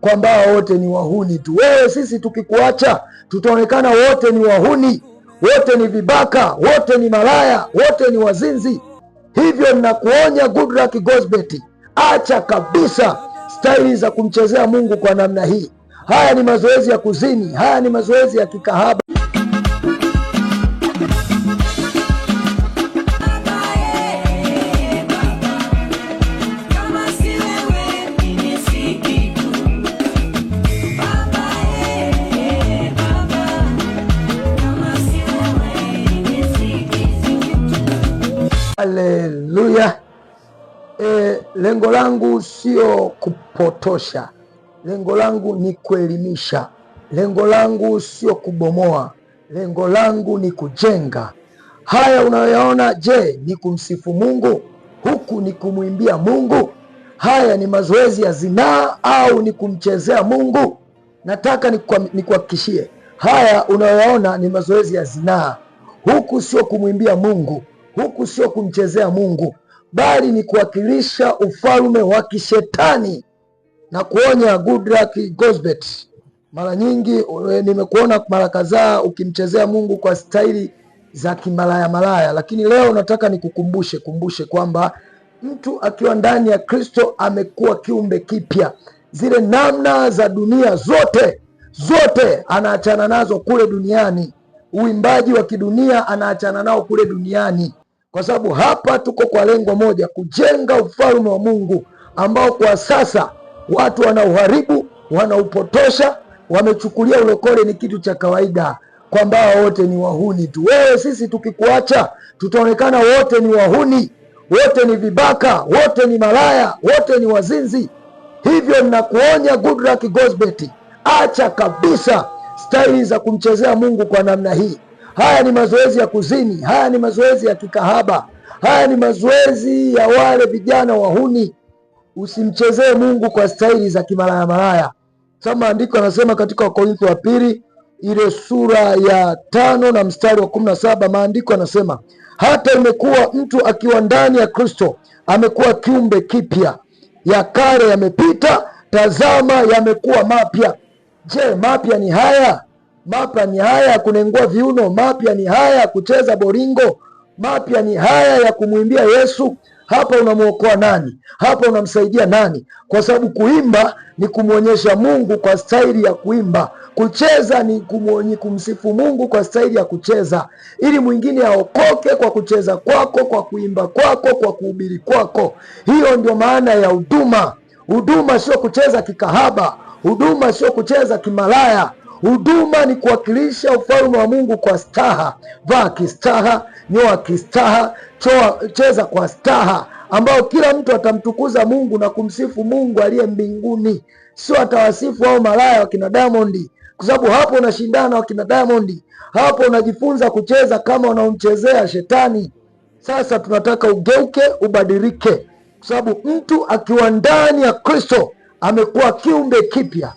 kwamba wote ni wahuni tu. Wewe sisi tukikuacha, tutaonekana wote ni wahuni, wote ni vibaka, wote ni malaya, wote ni wazinzi. Hivyo ninakuonya Goodluck Gozbert, acha kabisa staili za kumchezea Mungu kwa namna hii. Haya ni mazoezi ya kuzini, haya ni mazoezi ya kikahaba. Haleluya. E, eh, lengo langu sio kupotosha, lengo langu ni kuelimisha, lengo langu sio kubomoa, lengo langu ni kujenga. Haya unayoyaona, je, ni kumsifu Mungu? Huku ni kumwimbia Mungu? Haya ni mazoezi ya zinaa au ni kumchezea Mungu? Nataka nikuhakikishie, haya unayoyaona ni mazoezi ya zinaa, huku sio kumwimbia Mungu. Huku sio kumchezea Mungu, bali ni kuwakilisha ufalme wa kishetani na kuonya. Goodluck Gosbet. mara nyingi eh, nimekuona mara kadhaa ukimchezea Mungu kwa staili za kimalaya malaya, lakini leo nataka nikukumbushe kumbushe kwamba mtu akiwa ndani ya Kristo amekuwa kiumbe kipya. Zile namna za dunia zote zote anaachana nazo kule duniani, uimbaji wa kidunia anaachana nao kule duniani, kwa sababu hapa tuko kwa lengo moja, kujenga ufalme wa Mungu ambao kwa sasa watu wanauharibu, wanaupotosha, wamechukulia ulokole ni kitu cha kawaida, kwamba wote ni wahuni tu. Wewe sisi tukikuacha, tutaonekana wote ni wahuni, wote ni vibaka, wote ni malaya, wote ni wazinzi. Hivyo ninakuonya Goodluck Gozbert, acha kabisa staili za kumchezea Mungu kwa namna hii. Haya ni mazoezi ya kuzini, haya ni mazoezi ya kikahaba, haya ni mazoezi ya wale vijana wahuni. Usimchezee Mungu kwa staili za kimalaya malaya, sababu maandiko anasema katika Wakorintho wa pili ile sura ya tano na mstari wa kumi na saba maandiko anasema hata imekuwa mtu akiwa ndani ya Kristo amekuwa kiumbe kipya, ya kale yamepita, tazama yamekuwa mapya. Je, mapya ni haya? mapya ni haya ya kunengua viuno, mapya ni haya ya kucheza boringo, mapya ni haya ya kumwimbia Yesu. Hapa unamwokoa nani? Hapa unamsaidia nani? Kwa sababu kuimba ni kumwonyesha Mungu kwa staili ya kuimba, kucheza ni, kumwonyi kumsifu Mungu kwa staili ya kucheza, ili mwingine aokoke kwa kucheza kwako, kwa kuimba kwako, kwa kuhubiri kwako. Hiyo ndio maana ya huduma. Huduma sio kucheza kikahaba, huduma sio kucheza kimalaya. Huduma ni kuwakilisha ufalme wa Mungu kwa staha. Vaa kistaha, nyoa kistaha, choa, cheza kwa staha, ambayo kila mtu atamtukuza Mungu na kumsifu Mungu aliye mbinguni, sio atawasifu au malaya wakina Diamond, kwa sababu hapo unashindana wakina Diamond, hapo unajifunza kucheza kama unaomchezea shetani. Sasa tunataka ugeuke, ubadilike, kwa sababu mtu akiwa ndani ya Kristo amekuwa kiumbe kipya.